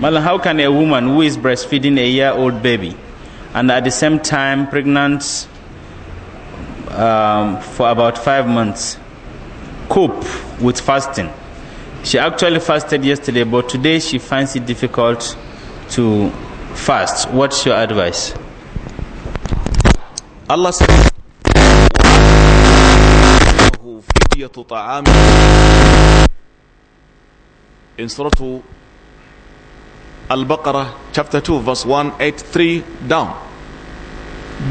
Madam, how can a woman who is breastfeeding a year old baby and at the same time pregnant um, for about five months cope with fasting? She actually fasted yesterday, but today she finds it difficult to fast. What's your advice? Allah says, in Surah Al-Baqarah chapter 2 verse 183 down.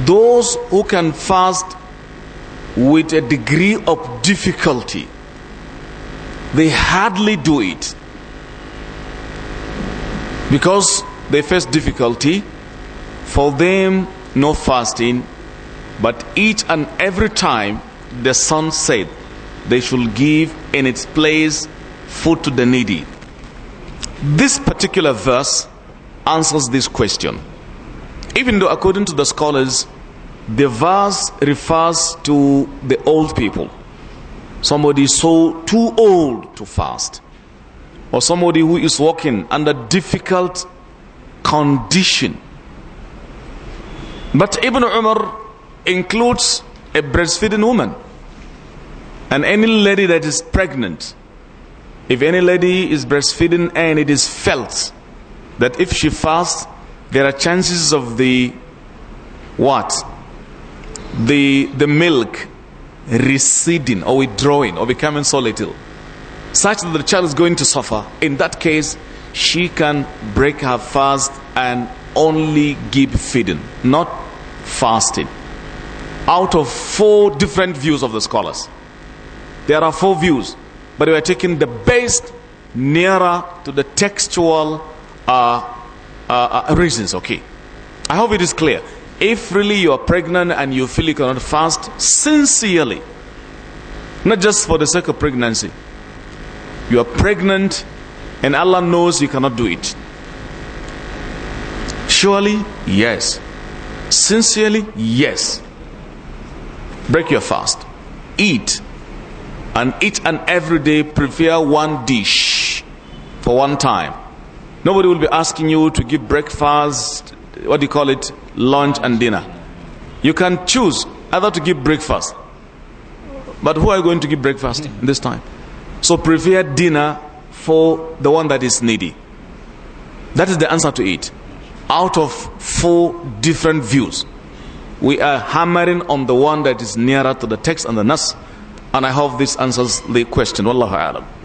Those who can fast with a degree of difficulty, they hardly do it because they face difficulty. For them, no fasting, but each and every time the sun set, they should give in its place food to the needy. This particular verse answers this question. Even though, according to the scholars, the verse refers to the old people. Somebody so too old to fast, or somebody who is walking under difficult condition. But Ibn Umar includes a breastfeeding woman and any lady that is pregnant if any lady is breastfeeding and it is felt that if she fasts, there are chances of the what? The, the milk receding or withdrawing or becoming so little, such that the child is going to suffer. In that case, she can break her fast and only give feeding, not fasting. Out of four different views of the scholars, there are four views but we are taking the best nearer to the textual uh, uh, uh, reasons. Okay, I hope it is clear. If really you are pregnant and you feel you cannot fast sincerely, not just for the sake of pregnancy, you are pregnant and Allah knows you cannot do it. Surely, yes. Sincerely, yes. Break your fast. Eat and each and every day prepare one dish for one time. Nobody will be asking you to give breakfast, what do you call it, lunch and dinner. You can choose either to give breakfast, but who are going to give breakfast hmm. this time? So prepare dinner for the one that is needy. That is the answer to it. Out of four different views, we are hammering on the one that is nearer to the text and the nas and I hope this answers the question. Wallahu alam.